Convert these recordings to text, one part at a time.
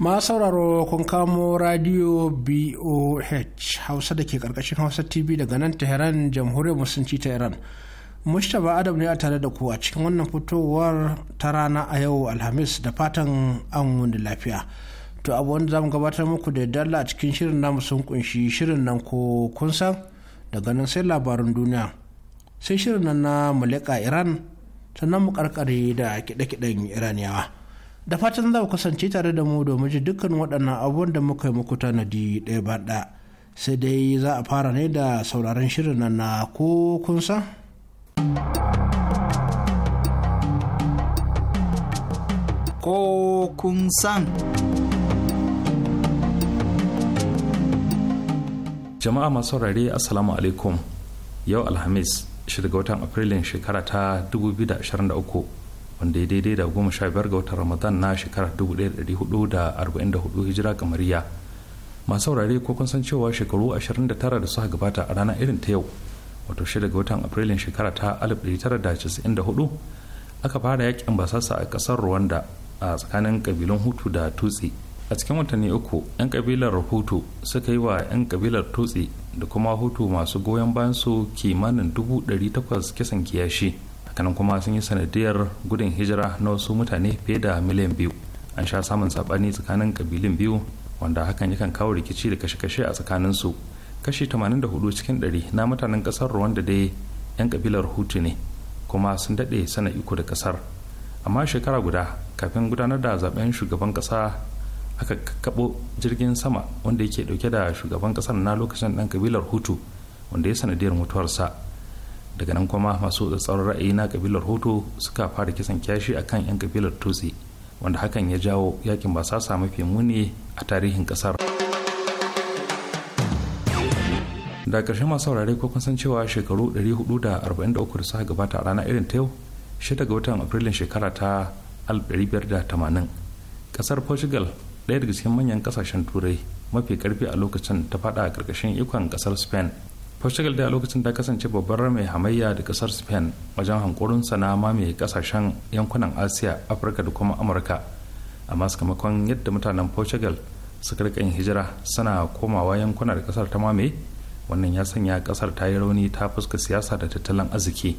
ma sauraro kun kamo radio boh hausa da ke karkashin hausa tv daga nan tehran jamhuriyar musulunci ta iran mustapha adam ne a tare da ku a cikin wannan fitowar ta rana a yau alhamis da fatan an wani lafiya to abuwan za zamu gabatar muku da dalla a cikin shirin namu sun kunshi shirin nan ko kun san daga nan sai labarin duniya sai shirin nan na mulika iran sannan mu karkare da kiɗe-kiɗen iraniyawa da fatan za ku kasance tare da mu domin ji dukkan waɗannan abubuwan da muka yi muku tanadi ɗaya ba ɗaya sai dai za a fara ne da sauraron shirin nan na ko kun san ko kun san jama'a masu saurare assalamu alaikum yau alhamis shirga watan afrilun shekara ta 2023 wanda ya daidai da goma sha biyar ga watan ramadan na shekarar dubu ɗaya da hudu da arba'in da hudu hijira kamariya masu saurare ko kun san cewa shekaru ashirin da tara da suka gabata a ranar irin ta yau wato shida ga watan afrilun shekara ta alif ɗari tara da casa'in da hudu aka fara yakin basasa a ƙasar rwanda a tsakanin kabilun hutu da tutsi a cikin watanni uku 'yan kabilar hutu suka yi wa 'yan kabilar tutsi da kuma hutu masu goyon bayan su kimanin dubu ɗari takwas kisan kiyashi hakanan kuma sun yi sanadiyar gudun hijira na wasu mutane fiye da miliyan biyu an sha samun sabani tsakanin kabilun biyu wanda hakan yakan kawo rikici da kashe-kashe a tsakanin su kashi 84 cikin 100 na mutanen kasar Rwanda dai yan kabilar Hutu ne kuma sun daɗe sana iko da kasar amma shekara guda kafin gudanar da zaben shugaban kasa aka kaɓo jirgin sama wanda yake ɗauke da shugaban ƙasar na lokacin ɗan kabilar Hutu wanda ya sanadiyar mutuwarsa daga nan kuma masu tsatsauran ra'ayi na kabilar hutu suka fara kisan kyashi kan 'yan kabilar tutsi wanda hakan ya jawo yakin basasa mafi muni a tarihin kasar da ƙarshe masu saurare ko kun san cewa shekaru 443 da suka gabata a ranar irin ta yau 6 ga watan afrilun shekara ta 1580 kasar portugal ɗaya daga cikin manyan ƙasashen turai mafi ƙarfi a lokacin ta fada a ƙarƙashin ikon ƙasar spain portugal da a lokacin ta kasance babbar mai hamayya da kasar spain wajen hankurin na mamaye kasashen yankunan asiya afirka da kuma amurka amma sakamakon yadda mutanen portugal suka rika yin hijira suna komawa yankuna da kasar ta mamaye wannan ya sanya kasar ta yi rauni ta fuska siyasa da tattalin arziki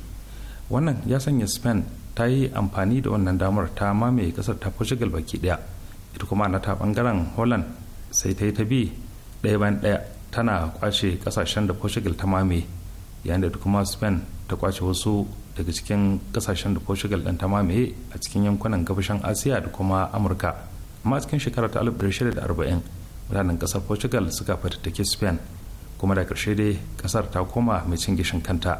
wannan ya sanya spain ta yi amfani da wannan damar ta mamaye kasar ta portugal baki ɗaya ita kuma na ta bangaren holland sai ta yi ta bi ɗaya bayan ɗaya tana kwace kasashen da portugal ta mame yayin da kuma spain ta kwace wasu daga cikin kasashen da portugal ɗin ta mame a cikin yankunan gabashin asiya da kuma amurka amma cikin shekarar ta 1940 mutanen kasar portugal suka fatattake spain kuma da karshe dai kasar ta koma mai cin gishin kanta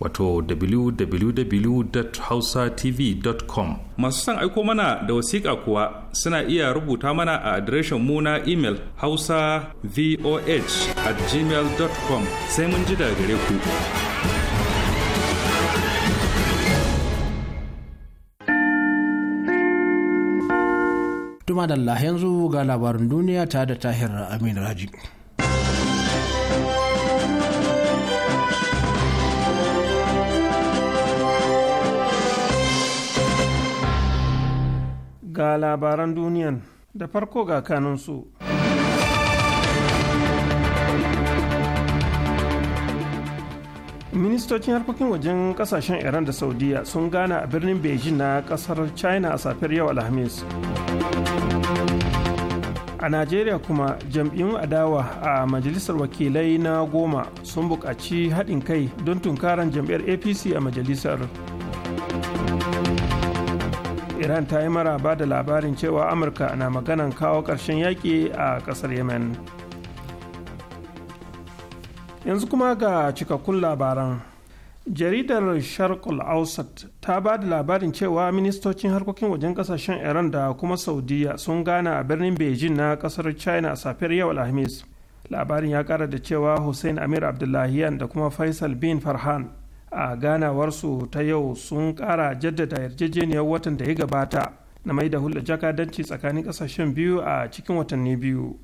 wato www.hausatv.com masu son aiko mana da wasiƙa kuwa suna iya rubuta mana a adireshin mu na imel hausa voh at gmail.com sai mun ji daga gare ku Tuma da yanzu ga labarin duniya ta da tahir amin raji. ga labaran duniyan da farko ga kanunsu. ministocin harkokin wajen kasashen iran da saudiya sun gana a birnin beijing na kasar china a safiyar yau alhamis a najeriya kuma jam'iyyun adawa a majalisar wakilai na goma sun buƙaci haɗin kai don tunkaran jam'iyyar apc a majalisar iran ta yi mara ba da labarin cewa amurka na maganan kawo ƙarshen yaƙi a ƙasar yemen yanzu kuma ga cikakkun labaran jaridar sharqul ausat ta ba da labarin cewa ministocin harkokin wajen kasashen iran da kuma saudiya sun gana a birnin beijing na kasar china a safiyar yau alhamis labarin ya kara da cewa hussein amir abdullahiyan da kuma faisal bin farhan a ganawarsu ta yau sun kara jaddada yarjejeniyar watan da ya gabata na mai da hulɗa jakadanci tsakanin ƙasashen biyu a cikin watanni biyu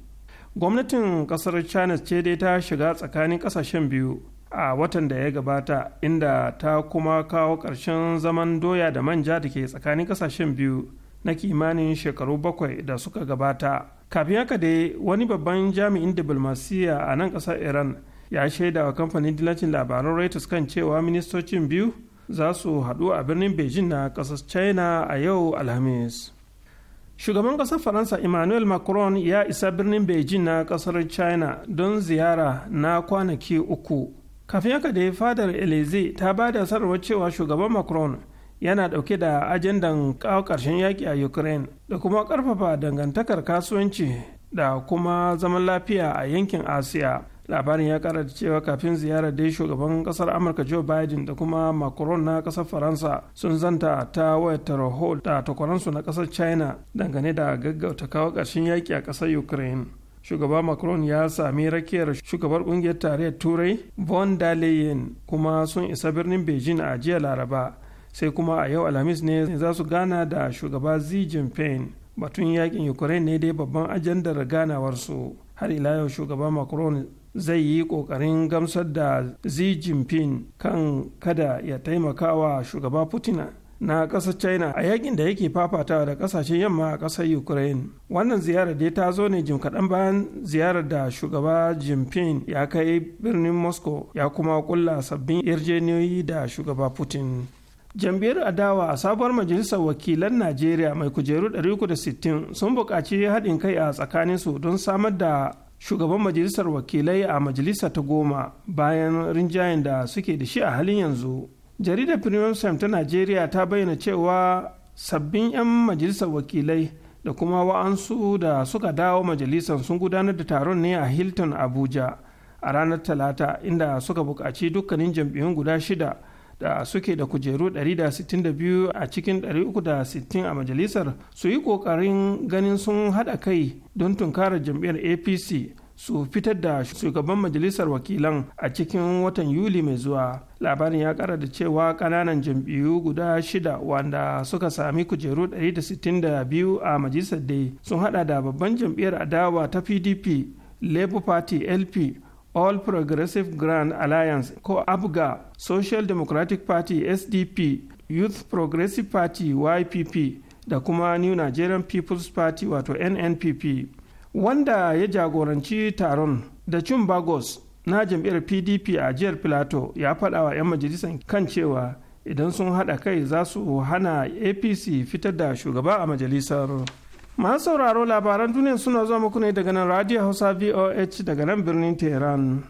gwamnatin ƙasar china ce dai ta shiga tsakanin ƙasashen biyu a watan da ya gabata inda ta kuma kawo ƙarshen zaman doya da manja da ke tsakanin ƙasashen biyu na kimanin shekaru bakwai da suka gabata kafin haka dai wani babban jami'in diplomasiya a nan ƙasar iran ya shaida wa kamfanin dillacin labaran reuters kan cewa ministocin biyu za su haɗu a birnin beijing na ƙasar china a yau alhamis shugaban ƙasar faransa emmanuel macron ya isa birnin beijing na ƙasar china don ziyara na kwanaki uku kafin haka da fadar elize ta ba da sanarwar cewa shugaban macron yana ɗauke da ajandan kawo ƙarshen yaƙi a ukraine da kuma ƙarfafa dangantakar kasuwanci da kuma zaman lafiya a yankin asiya labarin ya kara da cewa kafin ziyarar dai shugaban kasar amurka joe biden da kuma macron na kasar faransa sun zanta ta wayar taraho da takwaransu na kasar china dangane da gaggauta kawo ƙarshen yaƙi a kasar ukraine shugaba macron ya sami rakiyar shugabar kungiyar tarayyar turai von der kuma sun isa birnin beijing a jiya laraba sai kuma a yau alhamis ne za su gana da shugaba xi jinping batun yakin ukraine ne dai babban ajandar ganawarsu har ila yau shugaba macron zai yi ƙoƙarin gamsar da xi jinping kan kada ya taimaka wa shugaba putin na ƙasar china a yakin da yake fafatawa da ƙasashen yamma a ƙasar ukraine wannan ziyarar dai ta zo ne jim kaɗan bayan ziyarar da shugaba jinping ya kai birnin moscow ya kuma ƙulla sabbin yarjejeniyoyi da shugaba putin jam'iyyar adawa a sabuwar majalisar wakilan najeriya mai kujeru 360 sun buƙaci haɗin kai a tsakaninsu don samar da shugaban majalisar wakilai a majalisa ta goma bayan rinjayen da suke da shi a halin yanzu jaridar premium sam ta najeriya ta bayyana cewa sabbin 'yan majalisar wakilai da kuma wa'ansu da suka dawo majalisar sun gudanar da taron ne a hilton abuja a ranar talata inda suka buƙaci dukkanin jam'iyyun guda shida da suke da kujeru 162 a cikin 360 a majalisar su yi kokarin ganin sun haɗa kai don tunkarar jam'iyyar apc su fitar da shugaban majalisar wakilan a cikin watan yuli mai zuwa labarin ya kara da cewa kananan jam'iyyu guda shida wanda suka sami kujeru 162 a majalisar dai sun hada da babban jam'iyyar adawa ta pdp labour party lp all progressive grand alliance ko abga social democratic party sdp youth progressive party ypp da kuma new nigerian people's party wato nnpp wanda ya jagoranci taron da cin bagos na jam'iyyar pdp a jihar filato ya faɗa wa 'yan majalisar kan cewa idan sun haɗa kai za su hana apc fitar da shugaba a majalisar masu sauraro labaran duniya suna zuwa muku ne daga nan radio hausa voh daga nan birnin tehran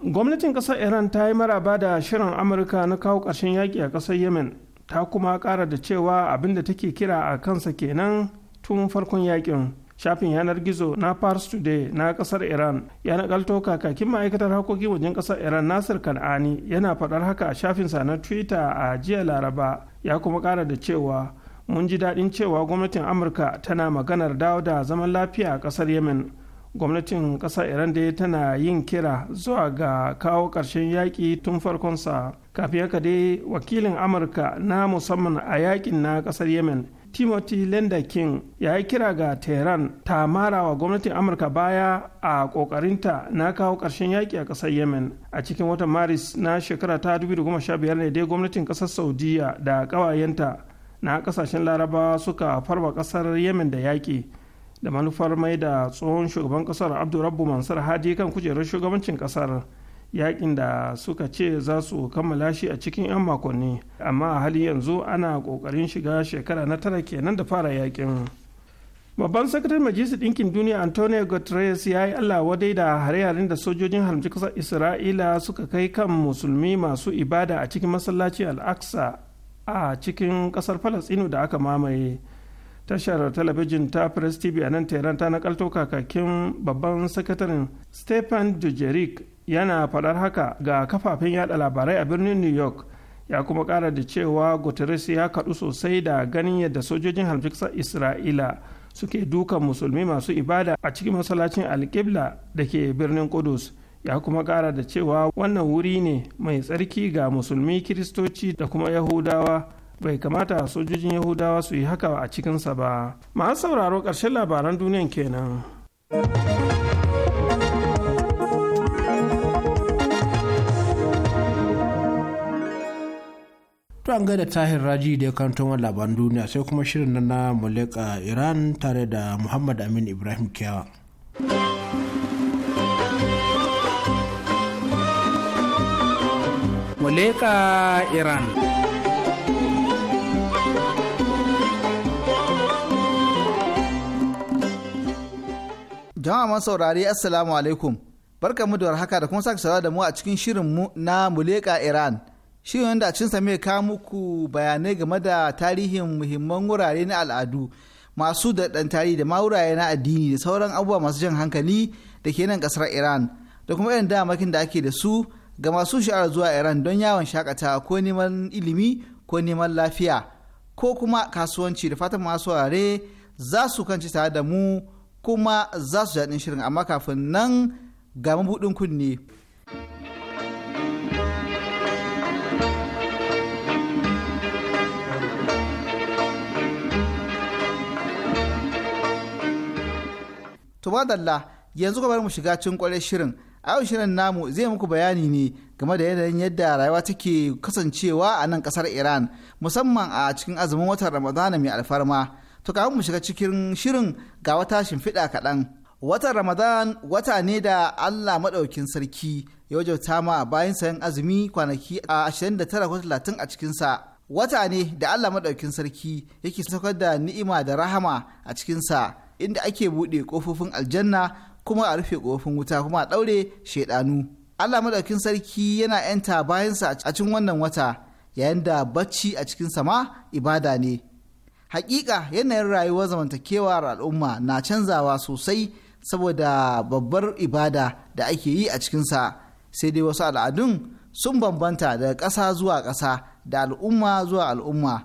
gwamnatin kasar iran ta yi maraba da shirin amurka na kawo ƙarshen yaƙi a ƙasar yemen ta kuma ƙara da cewa abin da take kira a kansa kenan tun farkon yaƙin shafin yanar gizo na pars today na kasar iran ya nakalto kakakin ma'aikatar harkokin wajen kasar iran nasir kan'ani yana faɗar haka a shafinsa na twitter a jiya laraba ya kuma ƙara da cewa mun ji daɗin cewa gwamnatin amurka tana maganar dawo da zaman lafiya a ƙasar yemen gwamnatin ƙasar iran dai tana yin kira zuwa ga kawo ƙarshen yaƙi tun farkonsa kafin haka dai wakilin amurka na musamman a yaƙin na ƙasar yemen timothy lenda king ya yi kira ga tehran ta mara wa gwamnatin amurka baya a kokarinta na kawo ƙarshen yaƙi a ƙasar yemen a cikin watan maris na shekara ta 2015 ne dai gwamnatin ƙasar saudiya da ƙawayenta na kasashen laraba suka farwa kasar yemen da yaƙi da manufar mai da tsohon shugaban kasar abdurrabbu mansur hadi kan kujerar shugabancin kasar yakin da suka ce za su kammala shi a cikin 'yan makonni amma a halin yanzu ana kokarin shiga shekara na tara kenan da fara yakin babban sakataren majalisar ɗinkin duniya antonio guterres ya yi allah wadai da hare-haren da sojojin halmci kasar isra'ila suka kai kan musulmi masu ibada a cikin masallaci al-aqsa a cikin kasar falastinu da aka mamaye tashar talabijin ta press tv a nan tehran ta nakalto kakakin babban sakataren stephen dujerik yana faɗar haka ga kafafen yada labarai a birnin new york ya kuma ƙara da cewa guterres ya kaɗu sosai da ganin yadda sojojin hamsar isra'ila suke dukan musulmi masu ibada a cikin masallacin alkibla da ke birnin kudus ya kuma kara da cewa wannan wuri ne mai tsarki ga musulmi kiristoci da kuma yahudawa bai kamata sojojin yahudawa su yi haka a cikinsa ba masu sauraro ƙarshen labaran duniyan kenan an gaida tahir raji da ya kanto wa labaran duniya sai kuma shirin na muleka iran tare da muhammad amin ibrahim kyawa. muleka iran jama'a masu saurari assalamu alaikum barka mu da warhaka da kuma sake da mu a cikin shirin mu na muleka iran shirin wanda a cinsa mai kawo muku bayanai game da tarihin muhimman wurare na al'adu masu da ɗan tarihi da wurare na addini da sauran abubuwa masu jan hankali da ke nan ƙasar iran da kuma irin damakin da ake da su ga masu sha'ar zuwa Iran don yawon shakatawa ko neman ilimi ko neman lafiya ko kuma kasuwanci da fatan masu ware za su kanci tare da mu kuma za su jaɗin shirin amma kafin nan ga mabuɗin kunne. Tumadalla yanzu ga bari mu shiga cikin kwarai shirin a shirin namu zai muku bayani ne game da yanayin yadda rayuwa take kasancewa a nan kasar iran musamman a cikin azumin watan ramadana mai alfarma to kafin mu shiga cikin shirin ga wata shimfiɗa kaɗan watan ramadan wata ne da allah maɗaukin sarki ya wajauta ma bayan sayan azumi kwanaki a 29 a cikinsa wata ne da allah maɗaukin sarki yake saukar da ni'ima da rahama a cikinsa inda ake buɗe kofofin aljanna kuma a rufe kofin wuta kuma a ɗaure shaidanu Allah madaukin sarki yana yanta bayansa a cikin wannan wata yayin da bacci a cikin sama ibada ne hakika yanayin rayuwar zamantakewar al'umma na canzawa sosai saboda babbar ibada da ake yi a cikinsa sai dai wasu al'adun sun bambanta daga ƙasa zuwa ƙasa da al'umma zuwa al'umma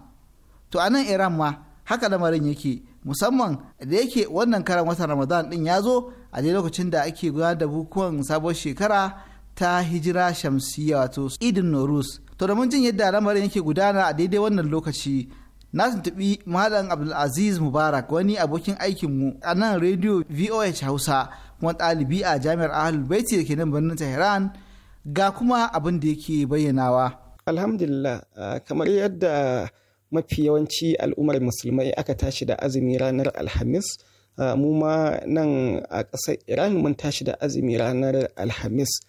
to a nan iran ma haka lamarin yake musamman da yake wannan karan watan ramadan ɗin ya zo a dai lokacin da ake gudanar da bukuwan sabon shekara ta hijira shamsiyya wato idin norus to da mun jin yadda lamarin yake gudana a daidai wannan lokaci na tuntubi malam abdulaziz mubarak wani abokin aikinmu a nan rediyo voh hausa kuma ɗalibi a jami'ar ahlul baiti da ke nan birnin tehran ga kuma abin da yake bayyanawa alhamdulillah kamar yadda mafi yawanci al'ummar musulmai aka tashi da azumi ranar alhamis mu ma nan a ƙasar iran mun tashi da azumi ranar alhamis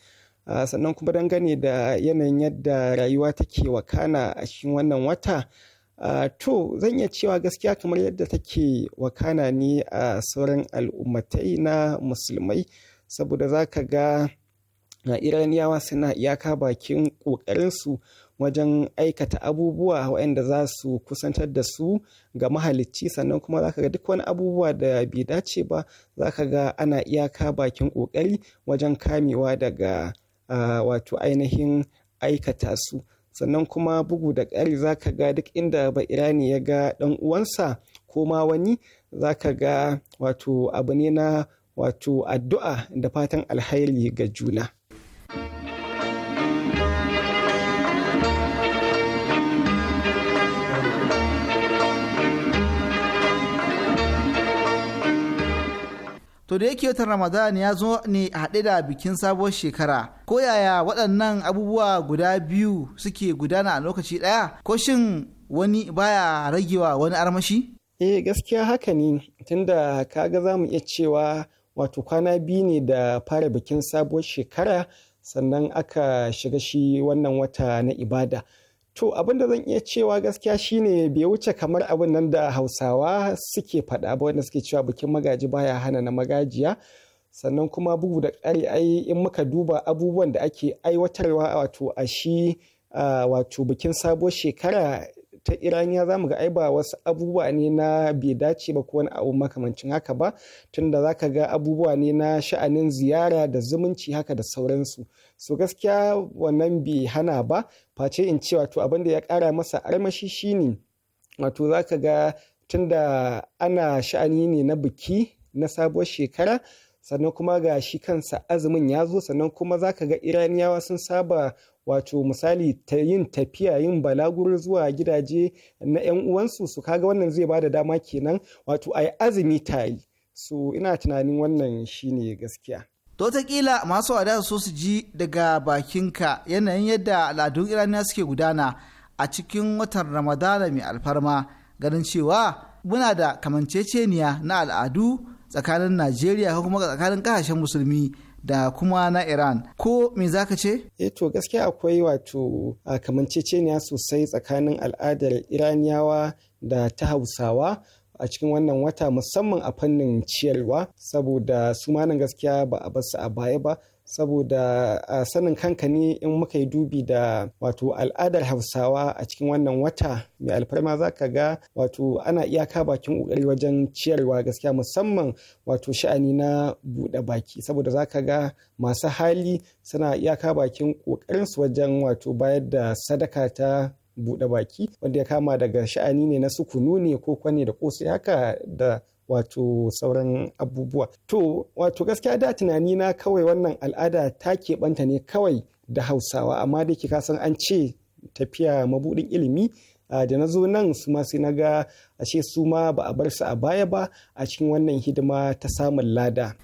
sannan kuma dangane da yanayin yadda rayuwa take wakana a cikin wannan wata to zan iya cewa gaskiya kamar yadda take wakana ne a sauran al'ummatai na musulmai saboda za ka ga iraniyawa suna iyaka bakin ƙoƙarinsu wajen aikata abubuwa waɗanda za su kusantar da su ga mahalicci sannan kuma za ka ga duk wani abubuwa da bai dace ba za ka ga ana iyaka bakin ƙoƙari wajen kamewa daga wato ainihin aikata su sannan kuma bugu da ƙari za ka ga duk inda ba irani ya ga ɗan uwansa ko ma wani za ka ga wato abu ne na wato addu'a da fatan alhairi ga juna. To da yake watan Ramadan ya zo ne a haɗe da bikin sabuwar shekara. Ko yaya waɗannan abubuwa guda biyu suke gudana a lokaci ɗaya? Ko shin wani baya ragewa wani armashi? Eh gaskiya haka ne tunda kaga za mu iya cewa wato kwana biyu ne da fara bikin sabuwar shekara sannan aka shiga shi wannan wata na ibada. To abin da zan iya cewa gaskiya shine bai wuce kamar abin nan da Hausawa suke faɗa ba wanda suke cewa bikin magaji baya hana na magajiya. Sannan kuma bugu da ƙari ai in muka duba abubuwan da ake aiwatarwa wato a shi wato bikin sabuwar shekara ta iraniya za mu ga ai ba wasu abubuwa ne na bai dace ba ko wani abu makamancin haka ba tunda za ka ga abubuwa ne na sha'anin ziyara da zumunci haka da sauransu su gaskiya wannan bai hana ba face in ce wato abin da ya kara masa armashi shine wato za ka ga tunda ana sha'ani ne na biki na sabuwar shekara sannan kuma ga shi kansa azumin ya zo sannan kuma za ka ga iraniyawa sun saba wato misali ta yin tafiya yin balaguro zuwa gidaje na 'yan uwansu su kaga wannan zai bada dama kenan wato a yi azumi yi so ina tunanin wannan shine gaskiya to kila masu wada so su ji daga bakinka yanayin yadda al'adun iraniya suke gudana a cikin watan ramadana mai alfarma ganin cewa muna da kamanceceniya na al'adu tsakanin najeriya ko kuma tsakanin kasashen musulmi da kuma na Iran. Ko me za ka ce? Eh to gaskiya akwai wato kamanceceniya sosai tsakanin al'adar Iraniyawa da ta Hausawa. a cikin wannan wata musamman a fannin ciyarwa saboda su gaskiya ba a basu a baya ba saboda a sanin kanka ne in muka yi dubi da wato al'adar hausawa a cikin wannan wata mai alfarma za ka ga wato ana iyaka bakin ƙoƙari wajen ciyarwa gaskiya musamman wato sha'ani na buɗe baki saboda za ka ga masu hali suna iyaka bakin ƙoƙarinsu wajen wato bayar da sadaka ta buɗe baki wanda ya kama daga sha'ani ne na sukunu ne ko kwane da kosai haka da wato sauran abubuwa to wato gaskiya da tunani na kawai wannan al'ada ta keɓanta ne kawai da hausawa amma da ke kasan an ce tafiya mabuɗin ilimi da na zo nan su ma sai na ga ashe su ma ba a bar su a baya ba a cikin wannan hidima ta samun lada.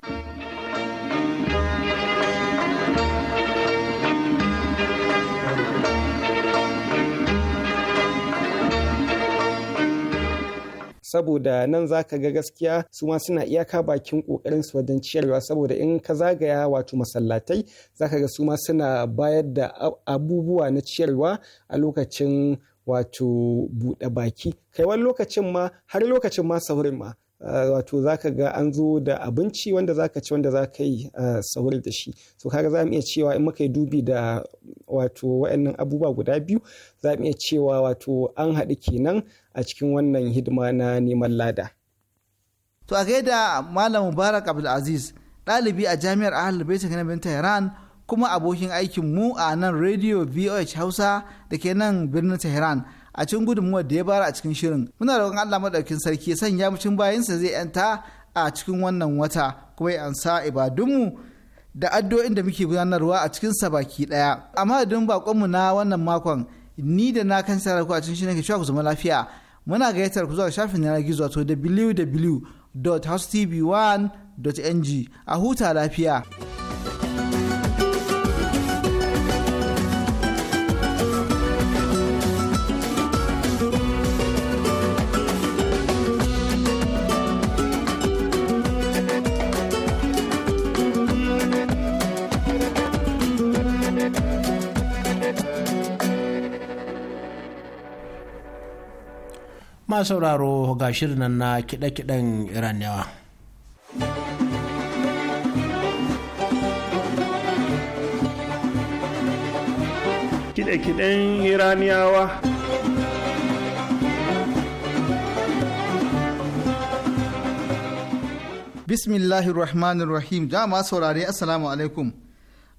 saboda nan za ka ga gaskiya su ma suna iyaka bakin kokarin su wajen ciyarwa saboda in ka zagaya wato masallatai za ka ga su ma suna bayar da abubuwa na ciyarwa a lokacin wato buɗe baki kai wani lokacin ma har lokacin ma saurin ma Eh, wato za ka ga an zo da abinci wanda za ka ci wanda za ka yi eh, sahur da shi so kaga za mu iya cewa in muka yi dubi da wato wa'annan abubuwa guda biyu za mu iya cewa wato an haɗu kenan a cikin wannan hidima na neman lada. To a da Malam Mubarak Abdulaziz ɗalibi a jami'ar Ahal Baita Kanamin Tehran kuma abokin aikin mu a nan Radio VOH Hausa da ke nan birnin Tehran. a cikin gudunmuwar da ya bara a cikin shirin muna roƙon Allah madaukin sarki ya sanya mu cikin bayansa zai yanta a cikin wannan wata kuma ya ansa ibadunmu da addu'o'in da muke gudanarwa a cikin sa baki daya amma da bakonmu na wannan makon ni da na kan sarar a cikin shirin ke cewa ku zama lafiya muna gayyatar ku zuwa shafin yanar gizo wato www.housetv1.ng a huta lafiya. ma sauraro ga shirin nan na kiɗe-kiɗen iraniyawa kiɗe-kiɗen iraniyawa bismillahir rahmanir rahim jama'a saurare assalamu alaikum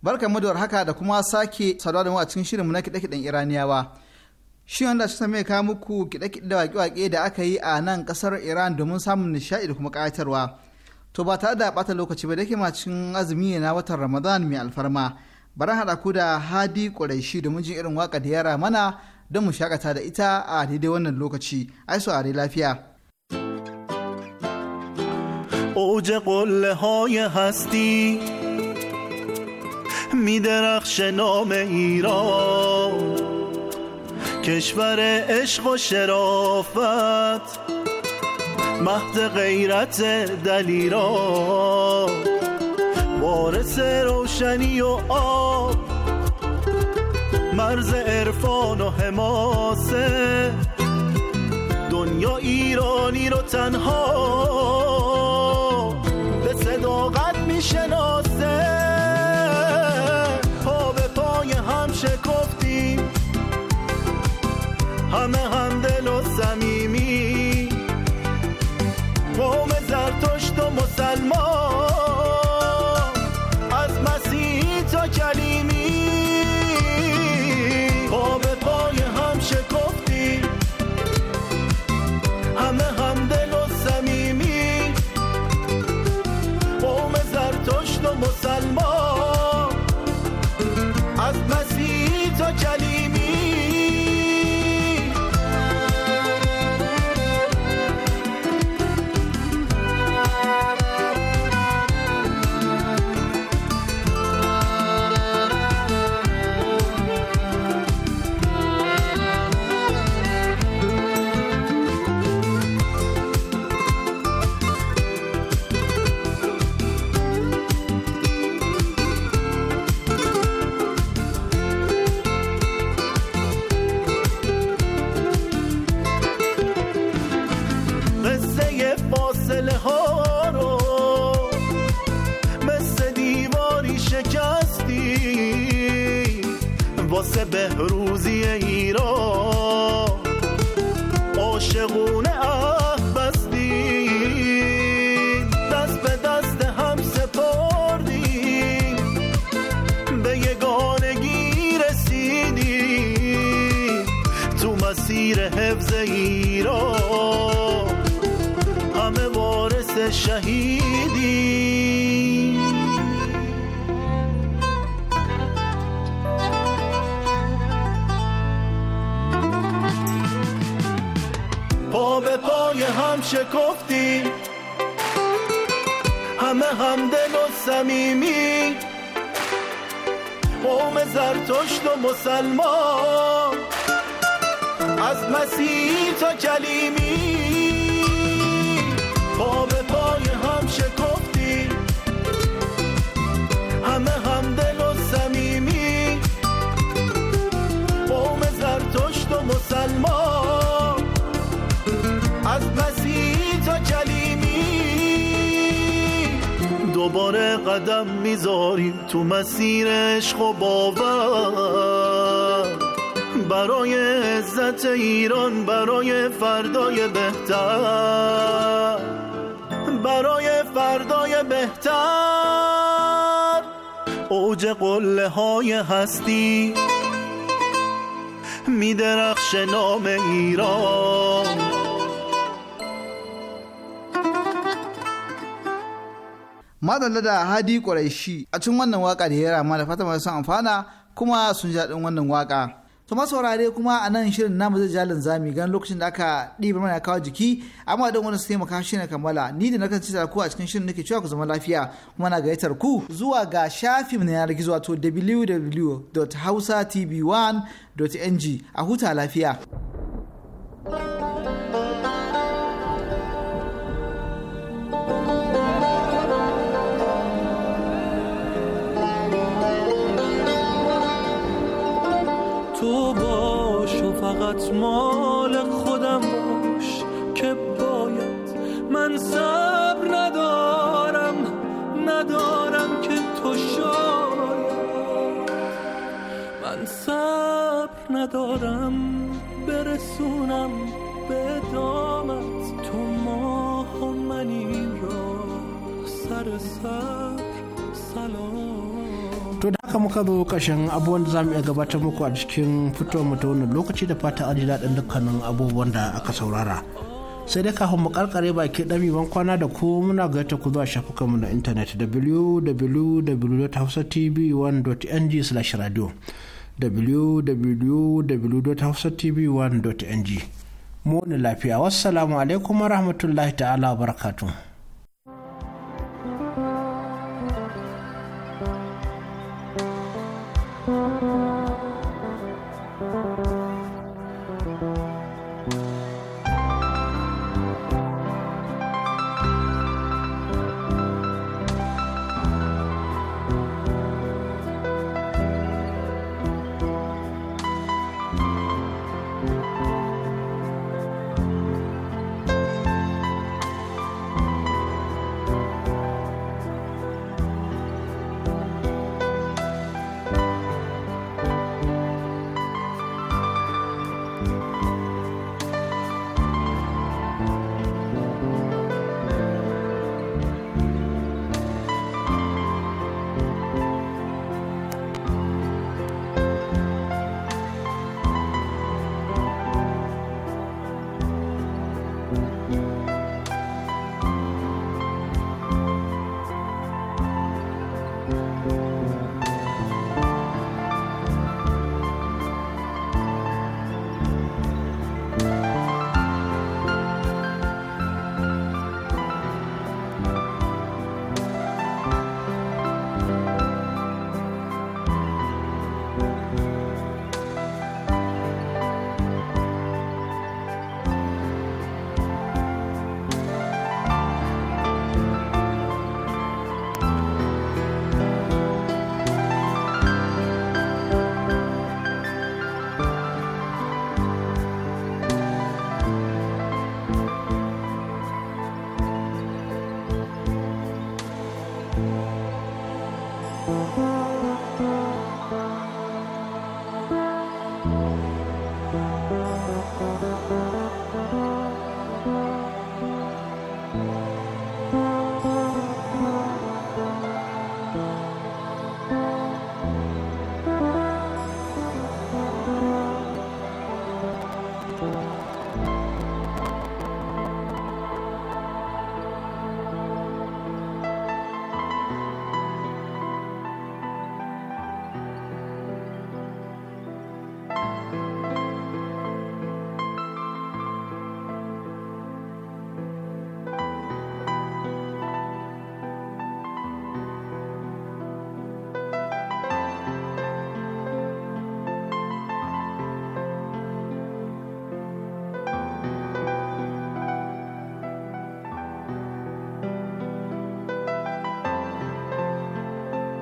barka mu da haka da kuma sake saduwa da mu a cikin shirinmu na kiɗe-kiɗen iraniyawa Shi wanda su same ka muku kiɗe-kiɗe da waƙe-waƙe da aka yi a nan ƙasar Iran domin samun nishaɗi da kuma ƙayatarwa. To ba tare da ɓata lokaci ba da ke cikin azumi na watan Ramadan mai alfarma. Bari haɗa ku da Hadi Ƙuraishi domin jin irin waƙa da yara mana don mu shakata da ita a daidai wannan lokaci. Ai su lafiya. اوج قله های هستی می درخش نام ایران کشور عشق و شرافت مهد غیرت دلیرا وارث روشنی و آب مرز عرفان و حماسه دنیا ایرانی رو تنها هم همدل و صمیمی قوم زرتشت و مسلمان شهیدی پا به پای هم شکفتی همه همدل و صمیمی قوم زرتشت و مسلمان از مسیح تا کلیمی دوباره قدم میذاریم تو مسیر عشق و باور برای عزت ایران برای فردای بهتر برای فردای بهتر اوج قله های هستی میدرخش نام ایران madalla da hadi Ƙuraishi a cikin wannan waka da ya rama da fatan sun amfana kuma sun ji daɗin wannan waka to saurare kuma a nan shirin namu zai jalin zami gan lokacin da aka ɗiba mana kawo jiki amma don wani su taimaka shi na kammala ni da nakan cita ku a cikin shirin nake cewa ku zama lafiya kuma na gayyatar ku zuwa ga shafin na yanar gizo wato www.hausatv1.ng a huta lafiya. فقط مال خودم باش که باید من صبر ندارم ندارم که تو شاید من صبر ندارم برسونم به دامت تو ماه و من را سر سر haka muka zo ƙarshen abubuwan da za mu iya gabatar muku a cikin fitowar mu ta wannan lokaci da fata an ji daɗin dukkanin abubuwan da aka saurara. sai dai kafin mu karkare baki mi ban kwana da ku muna gaita ku zuwa mu na intanet www.hausatv1.ng/radio www.hausatv1.ng mu ne lafiya wassalamu alaikum warahmatullahi ta'ala barakatuh